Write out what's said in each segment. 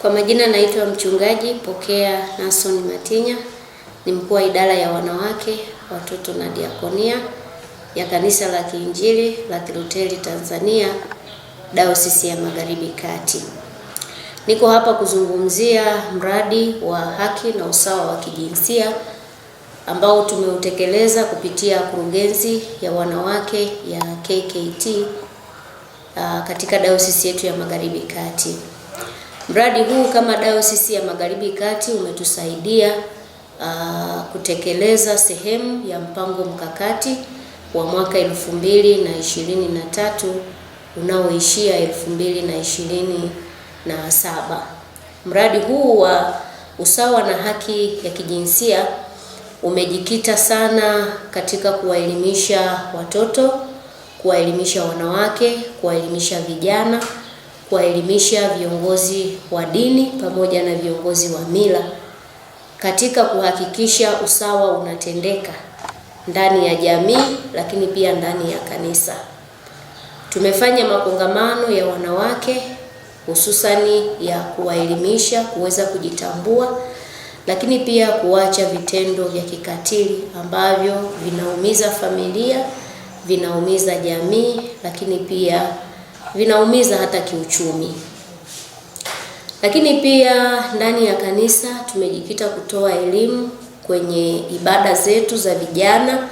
Kwa majina naitwa Mchungaji Pokea Nason Matinya, ni mkuu wa idara ya wanawake, watoto na diakonia ya Kanisa la Kiinjili la Kiluteri Tanzania, Dayosisi ya Magharibi Kati. Niko hapa kuzungumzia mradi wa haki na usawa wa kijinsia ambao tumeutekeleza kupitia kurugenzi ya wanawake ya KKT uh, katika dayosisi yetu ya Magharibi Kati. Mradi huu kama Dayosisi ya Magharibi Kati umetusaidia uh, kutekeleza sehemu ya mpango mkakati wa mwaka na tatu unaoishia na saba. Mradi huu wa usawa na haki ya kijinsia umejikita sana katika kuwaelimisha watoto, kuwaelimisha wanawake, kuwaelimisha vijana kuwaelimisha viongozi wa dini pamoja na viongozi wa mila katika kuhakikisha usawa unatendeka ndani ya jamii, lakini pia ndani ya kanisa. Tumefanya makongamano ya wanawake hususani ya kuwaelimisha kuweza kujitambua, lakini pia kuacha vitendo vya kikatili ambavyo vinaumiza familia, vinaumiza jamii, lakini pia vinaumiza hata kiuchumi. Lakini pia ndani ya kanisa tumejikita kutoa elimu kwenye ibada zetu za vijana,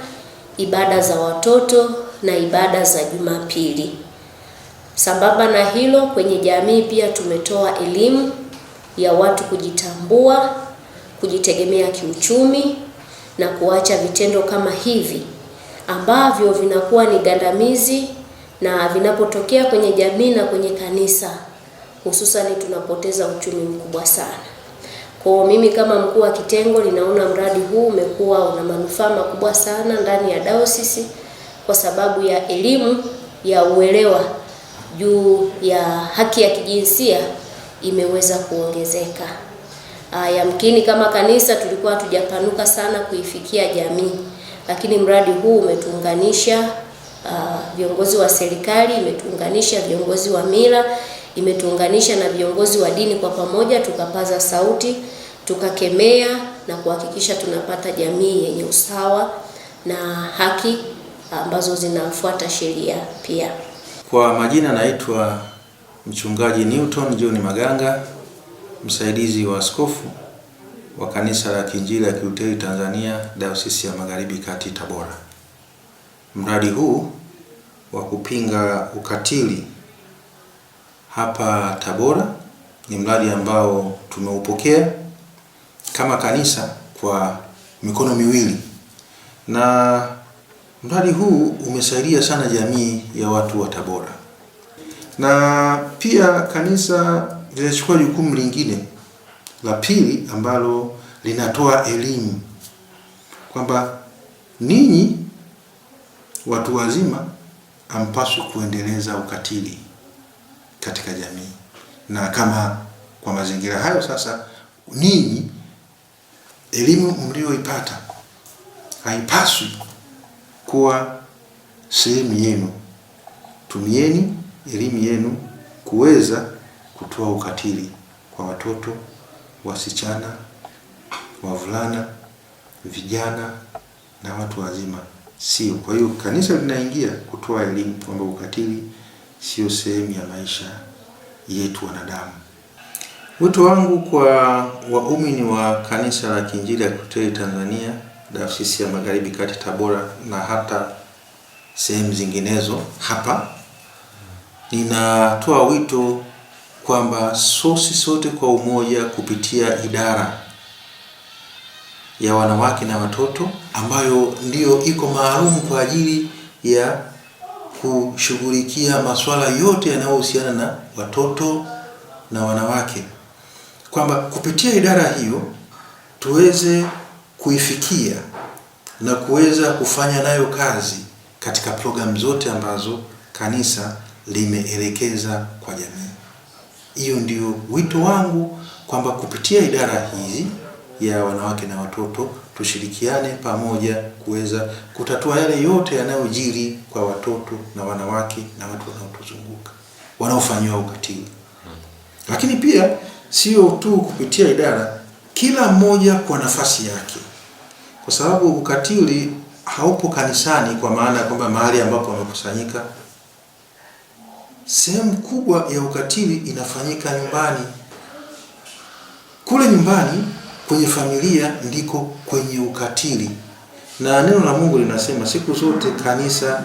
ibada za watoto na ibada za Jumapili. Sambamba na hilo, kwenye jamii pia tumetoa elimu ya watu kujitambua, kujitegemea kiuchumi na kuacha vitendo kama hivi ambavyo vinakuwa ni gandamizi na vinapotokea kwenye jamii na kwenye kanisa hususani tunapoteza uchumi mkubwa sana. Kwa mimi kama mkuu wa kitengo ninaona mradi huu umekuwa una manufaa makubwa sana ndani ya dayosisi kwa sababu ya elimu ya uelewa juu ya haki ya kijinsia imeweza kuongezeka. Ah, yamkini kama kanisa tulikuwa hatujapanuka sana kuifikia jamii, lakini mradi huu umetuunganisha uh, viongozi wa serikali, imetuunganisha viongozi wa mila, imetuunganisha na viongozi wa dini. Kwa pamoja tukapaza sauti, tukakemea na kuhakikisha tunapata jamii yenye usawa na haki ambazo zinafuata sheria pia. Kwa majina naitwa Mchungaji Newton John Maganga, msaidizi wa askofu wa Kanisa la Kiinjili la Kilutheri Tanzania, Dayosisi ya Magharibi Kati, Tabora. Mradi huu wa kupinga ukatili hapa Tabora ni mradi ambao tumeupokea kama kanisa kwa mikono miwili, na mradi huu umesaidia sana jamii ya watu wa Tabora, na pia kanisa linachukua jukumu lingine la pili ambalo linatoa elimu kwamba ninyi watu wazima hampaswi kuendeleza ukatili katika jamii, na kama kwa mazingira hayo sasa, ninyi elimu mlioipata haipaswi kuwa sehemu yenu. Tumieni elimu yenu kuweza kutoa ukatili kwa watoto, wasichana, wavulana, vijana na watu wazima sio. Kwa hiyo kanisa linaingia kutoa elimu kwamba ukatili sio sehemu ya maisha yetu wanadamu. Wito wangu kwa waumini wa kanisa la Kiinjili ya Kilutheri Tanzania Dayosisi ya Magharibi Kati Tabora na hata sehemu zinginezo hapa, ninatoa wito kwamba sosi sote kwa umoja kupitia idara ya wanawake na watoto ambayo ndiyo iko maalum kwa ajili ya kushughulikia masuala yote yanayohusiana na watoto na wanawake, kwamba kupitia idara hiyo tuweze kuifikia na kuweza kufanya nayo kazi katika programu zote ambazo kanisa limeelekeza kwa jamii. Hiyo ndio wito wangu kwamba kupitia idara hizi ya wanawake na watoto, tushirikiane pamoja kuweza kutatua yale yote yanayojiri kwa watoto na wanawake na watu wanaotuzunguka wanaofanyiwa ukatili. Lakini pia sio tu kupitia idara, kila mmoja kwa nafasi yake, kwa sababu ukatili haupo kanisani, kwa maana ya kwamba mahali ambapo wamekusanyika. Sehemu kubwa ya ukatili inafanyika nyumbani, kule nyumbani kwenye familia ndiko kwenye ukatili, na neno la Mungu linasema siku zote kanisa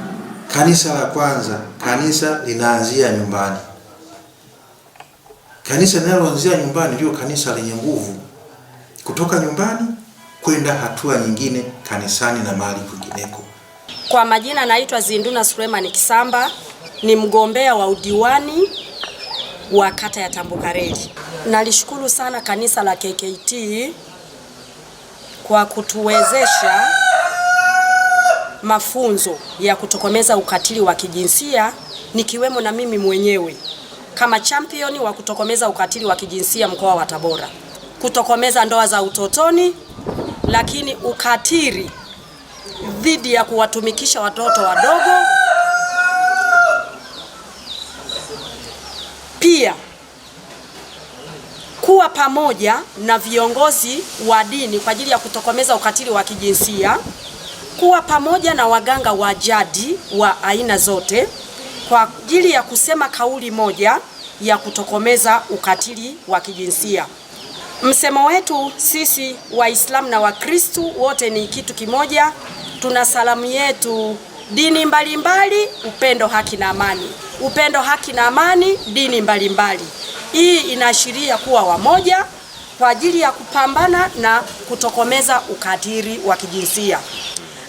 kanisa la kwanza, kanisa linaanzia nyumbani. Kanisa linaloanzia nyumbani ndio kanisa lenye nguvu, kutoka nyumbani kwenda hatua nyingine kanisani na mahali kwingineko. Kwa majina naitwa Zinduna Suleiman Kisamba, ni mgombea wa udiwani wa kata ya Tambukareli. Nalishukuru sana kanisa la KKT kwa kutuwezesha mafunzo ya kutokomeza ukatili wa kijinsia nikiwemo na mimi mwenyewe kama champion wa kutokomeza ukatili wa kijinsia mkoa wa Tabora, kutokomeza ndoa za utotoni, lakini ukatili dhidi ya kuwatumikisha watoto wadogo Pia kuwa pamoja na viongozi wa dini kwa ajili ya kutokomeza ukatili wa kijinsia, kuwa pamoja na waganga wa jadi wa aina zote kwa ajili ya kusema kauli moja ya kutokomeza ukatili wa kijinsia. Msemo wetu sisi Waislamu na Wakristu wote ni kitu kimoja, tuna salamu yetu dini mbalimbali mbali, upendo, haki na amani, upendo, haki na amani, dini mbalimbali mbali. Hii inaashiria kuwa wamoja kwa ajili ya kupambana na kutokomeza ukatili wa kijinsia.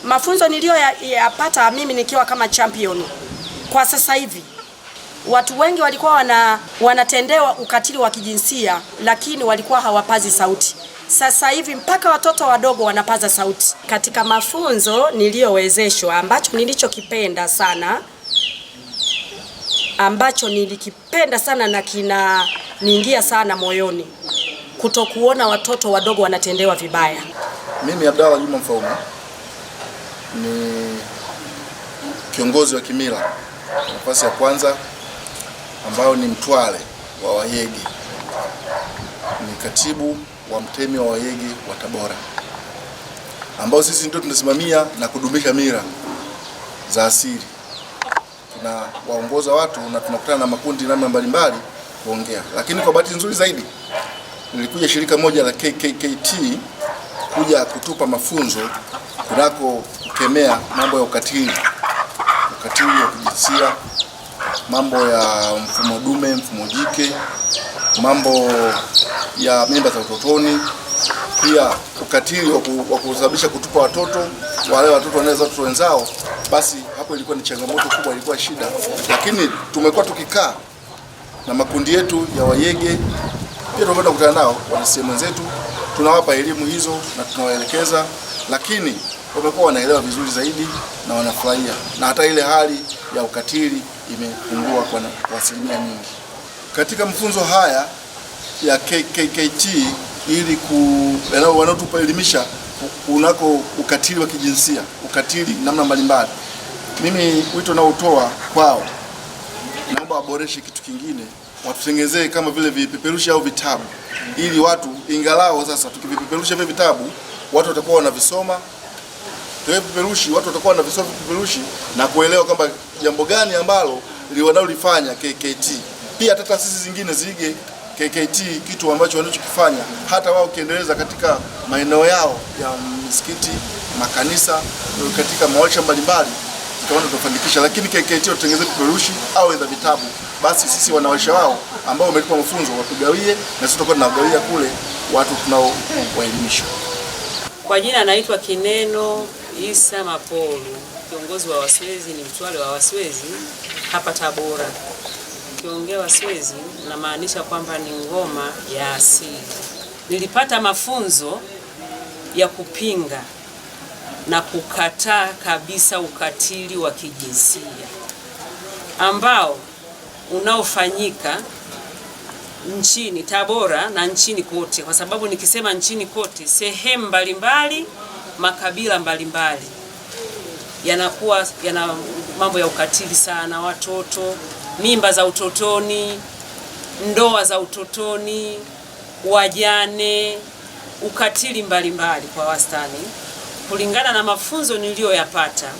Mafunzo niliyoyapata mimi nikiwa kama champion, kwa sasa hivi watu wengi walikuwa wana, wanatendewa ukatili wa kijinsia lakini walikuwa hawapazi sauti. Sasa hivi mpaka watoto wadogo wanapaza sauti. Katika mafunzo niliyowezeshwa, ambacho nilichokipenda sana ambacho nilikipenda sana na kina niingia sana moyoni, kutokuona watoto wadogo wanatendewa vibaya. Mimi Abdalla Juma Mfaume ni kiongozi wa kimila nafasi ya kwanza, ambayo ni mtwale wa Wahegi, ni katibu wa mtemi wa Wayege wa Tabora ambao sisi ndio tunasimamia na kudumisha mira za asili. Tunawaongoza watu na tunakutana na makundi namna mbalimbali kuongea, lakini kwa bahati nzuri zaidi nilikuja shirika moja la KKKT kuja kutupa mafunzo kunako kukemea mambo ya ukatili, ukatili wa kijinsia, mambo ya mfumo dume, mfumo jike mambo ya mimba za utotoni, pia ukatili wa kusababisha kutupa watoto wale watoto wanaweza watoto wenzao. Basi hapo ilikuwa ni changamoto kubwa, ilikuwa shida, lakini tumekuwa tukikaa na makundi yetu ya wayege pia tumekwenda kukutana nao wanasehemu wenzetu, tunawapa elimu hizo na tunawaelekeza, lakini wamekuwa wanaelewa vizuri zaidi na wanafurahia, na hata ile hali ya ukatili imepungua kwa asilimia nyingi katika mafunzo haya ya KKKT ili wanaotupaelimisha unako ukatili wa kijinsia, ukatili namna mbalimbali. Mimi wito naotoa kwao, naomba waboreshe kitu kingine, watutengezee kama vile vipeperushi au vitabu, ili watu ingalao, sasa tukivipeperusha vile vitabu watu watakuwa wanavisoma vipeperushi, watu watakuwa wanavisoma vipeperushi na kuelewa kwamba jambo gani ambalo wanalolifanya KKKT pia hata taasisi zingine ziige KKT kitu ambacho wanachokifanya, hata wao kiendeleza katika maeneo yao ya misikiti, makanisa, katika mawarsha mbalimbali, tutaona tutafanikisha. Lakini KKT watengeze vipeperushi au edha vitabu, basi sisi wanawarsha wao ambao wamelipwa mafunzo watugawie, na sisi tutakuwa tunagawia kule watu tunao waelimisha. Kwa jina anaitwa Kineno Isa Mapolu, kiongozi wa Waswezi, ni mtwale wa Waswezi hapa Tabora nikiongea Waswezi namaanisha kwamba ni ngoma ya asili. Nilipata mafunzo ya kupinga na kukataa kabisa ukatili wa kijinsia ambao unaofanyika nchini Tabora na nchini kote, kwa sababu nikisema nchini kote, sehemu mbalimbali, makabila mbalimbali yanakuwa yana mambo ya ukatili sana, watoto mimba za utotoni, ndoa za utotoni, wajane, ukatili mbalimbali mbali. Kwa wastani, kulingana na mafunzo niliyoyapata,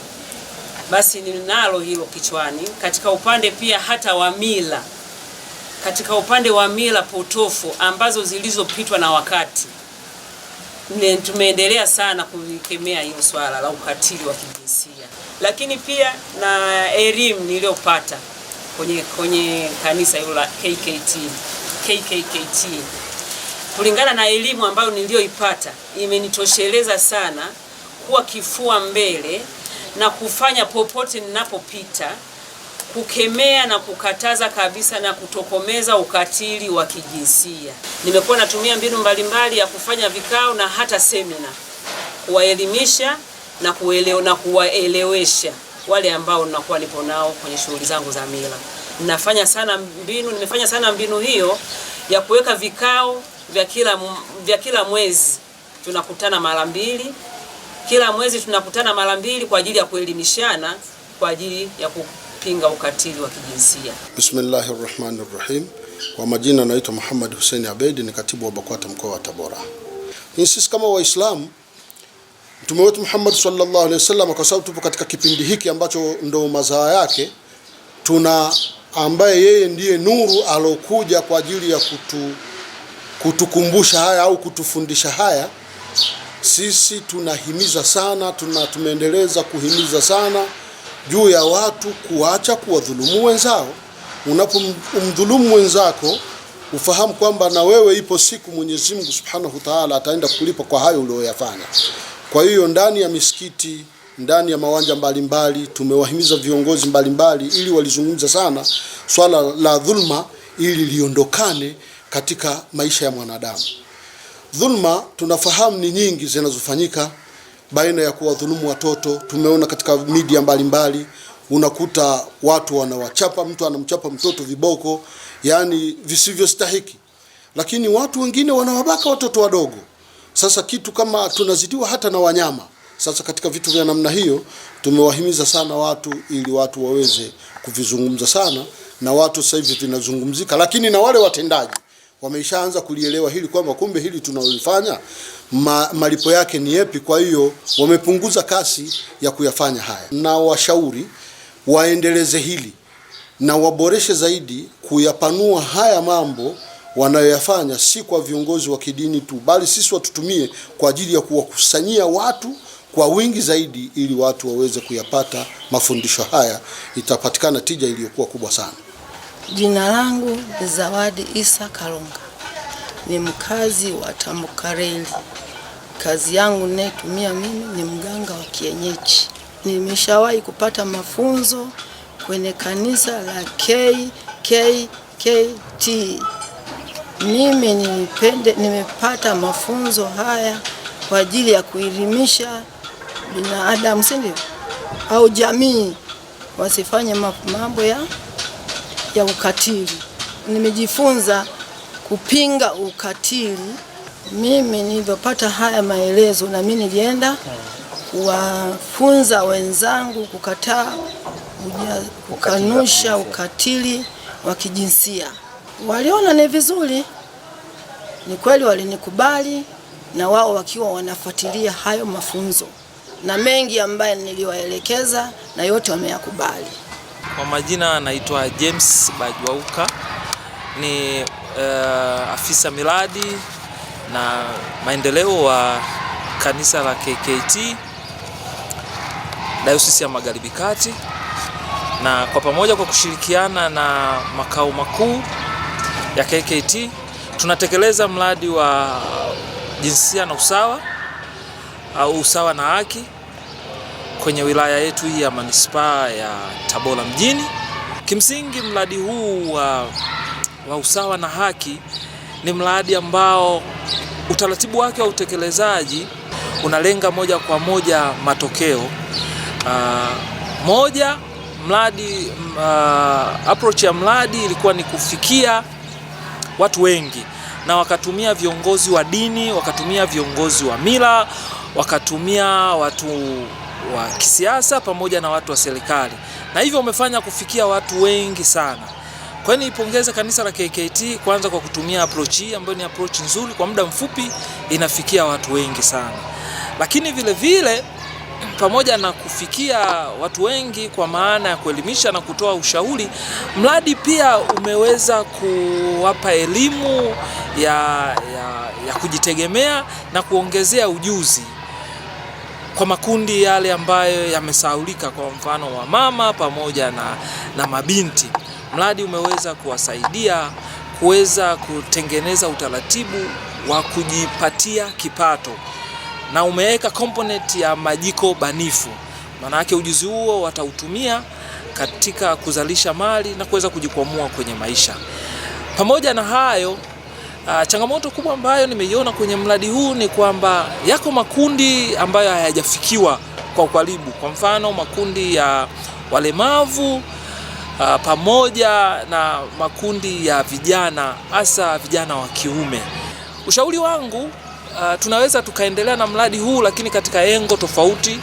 basi ninalo hilo kichwani. Katika upande pia hata wa mila, katika upande wa mila potofu ambazo zilizopitwa na wakati, tumeendelea sana kulikemea hilo swala la ukatili wa kijinsia, lakini pia na elimu niliyopata kwenye, kwenye kanisa hilo la KKT, KKKT. Kulingana na elimu ambayo niliyoipata imenitosheleza sana kuwa kifua mbele na kufanya popote ninapopita kukemea na kukataza kabisa na kutokomeza ukatili wa kijinsia. Nimekuwa natumia mbinu mbalimbali ya kufanya vikao na hata semina kuwaelimisha na kuwaelewesha wale ambao nakuwa nipo nao kwenye shughuli zangu za mila. Ninafanya sana mbinu, nimefanya sana mbinu hiyo ya kuweka vikao vya kila vya kila mwezi, tunakutana mara mbili kila mwezi, tunakutana mara mbili kwa ajili ya kuelimishana kwa ajili ya kupinga ukatili wa kijinsia. Bismillahir Rahmanir Rahim. Kwa majina naitwa Muhammad Hussein Abedi, ni katibu wa BAKWATA mkoa wa Tabora. Ni sisi kama Waislamu Mtume wetu Muhammad sallallahu alaihi wasallam, kwa sababu tupo katika kipindi hiki ambacho ndo mazaa yake, tuna ambaye yeye ndiye nuru alokuja kwa ajili ya kutu, kutukumbusha haya au kutufundisha haya. Sisi tunahimiza sana tuna, tumeendeleza kuhimiza sana juu ya watu kuacha kuwadhulumu wenzao. Unapomdhulumu wenzako ufahamu kwamba na wewe ipo siku Mwenyezi Mungu Subhanahu wa Ta'ala ataenda kulipa kwa hayo ulioyafanya. Kwa hiyo ndani ya misikiti, ndani ya mawanja mbalimbali mbali, tumewahimiza viongozi mbalimbali mbali, ili walizungumza sana swala la dhulma ili liondokane katika maisha ya mwanadamu. Dhulma tunafahamu ni nyingi zinazofanyika baina ya kuwadhulumu watoto. Tumeona katika media mbalimbali, unakuta watu wanawachapa, mtu anamchapa mtoto viboko, yani visivyostahiki, lakini watu wengine wanawabaka watoto wadogo sasa kitu kama tunazidiwa hata na wanyama. Sasa katika vitu vya namna hiyo tumewahimiza sana watu ili watu waweze kuvizungumza sana, na watu sasa hivi vinazungumzika, lakini na wale watendaji wameshaanza kulielewa hili kwamba kumbe hili tunalofanya ma, malipo yake ni yepi. Kwa hiyo wamepunguza kasi ya kuyafanya haya, na washauri waendeleze hili na waboreshe zaidi kuyapanua haya mambo wanayoyafanya si kwa viongozi wa kidini tu, bali sisi watutumie kwa ajili ya kuwakusanyia watu kwa wingi zaidi, ili watu waweze kuyapata mafundisho haya, itapatikana tija iliyokuwa kubwa sana. Jina langu ni Zawadi Isa Kalonga, ni mkazi wa Tambukareli. Kazi yangu ninayotumia mimi ni mganga wa kienyeji. Nimeshawahi kupata mafunzo kwenye kanisa la KKKT mimi nipende, nimepata mafunzo haya kwa ajili ya kuelimisha binadamu, si ndio? Au jamii wasifanye mambo ya, ya ukatili. Nimejifunza kupinga ukatili. Mimi nilivyopata haya maelezo, na mimi nilienda kuwafunza wenzangu kukataa, kukanusha ukatili wa kijinsia. Waliona ni vizuri, ni kweli walinikubali, na wao wakiwa wanafuatilia hayo mafunzo na mengi ambayo niliwaelekeza, na yote wameyakubali. Kwa majina anaitwa James Bajwauka ni uh, afisa miradi na maendeleo wa kanisa la KKT Dayosisi ya Magharibi Kati, na kwa pamoja kwa kushirikiana na makao makuu ya KKT. Tunatekeleza mradi wa jinsia na usawa au usawa na haki kwenye wilaya yetu hii ya manispaa ya Tabora mjini. Kimsingi mradi huu wa, wa usawa na haki ni mradi ambao utaratibu wake wa utekelezaji unalenga moja kwa moja matokeo. Uh, moja mradi uh, approach ya mradi ilikuwa ni kufikia watu wengi, na wakatumia viongozi wa dini, wakatumia viongozi wa mila, wakatumia watu wa kisiasa pamoja na watu wa serikali, na hivyo wamefanya kufikia watu wengi sana. Kwa hiyo nipongeze kanisa la KKT kwanza kwa kutumia approach hii ambayo ni approach nzuri, kwa muda mfupi inafikia watu wengi sana, lakini vile vile pamoja na kufikia watu wengi kwa maana ya kuelimisha na kutoa ushauri, mradi pia umeweza kuwapa elimu ya, ya, ya kujitegemea na kuongezea ujuzi kwa makundi yale ambayo yamesahaulika, kwa mfano wa mama pamoja na, na mabinti. Mradi umeweza kuwasaidia kuweza kutengeneza utaratibu wa kujipatia kipato na umeweka component ya majiko banifu, yake ujuzi huo watautumia katika kuzalisha mali na kuweza kujikwamua kwenye maisha. Pamoja na hayo, uh, changamoto kubwa ambayo nimeiona kwenye mradi huu ni kwamba yako makundi ambayo hayajafikiwa kwa ukaribu, kwa mfano makundi ya walemavu uh, pamoja na makundi ya vijana, hasa vijana wa kiume. Ushauri wangu uh, tunaweza tukaendelea na mradi huu, lakini katika engo tofauti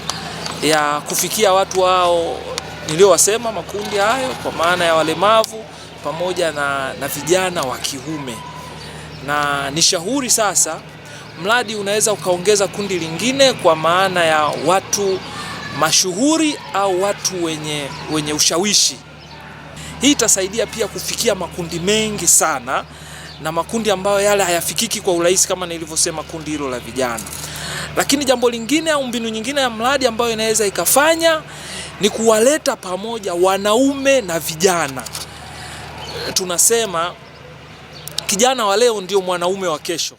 ya kufikia watu wao niliyowasema makundi hayo, kwa maana ya walemavu pamoja na, na vijana wa kiume. Na ni shauri sasa, mradi unaweza ukaongeza kundi lingine, kwa maana ya watu mashuhuri au watu wenye, wenye ushawishi. Hii itasaidia pia kufikia makundi mengi sana na makundi ambayo yale hayafikiki kwa urahisi kama nilivyosema kundi hilo la vijana. Lakini jambo lingine au mbinu nyingine ya mradi ambayo inaweza ikafanya ni kuwaleta pamoja wanaume na vijana. Tunasema kijana wa leo ndio mwanaume wa kesho.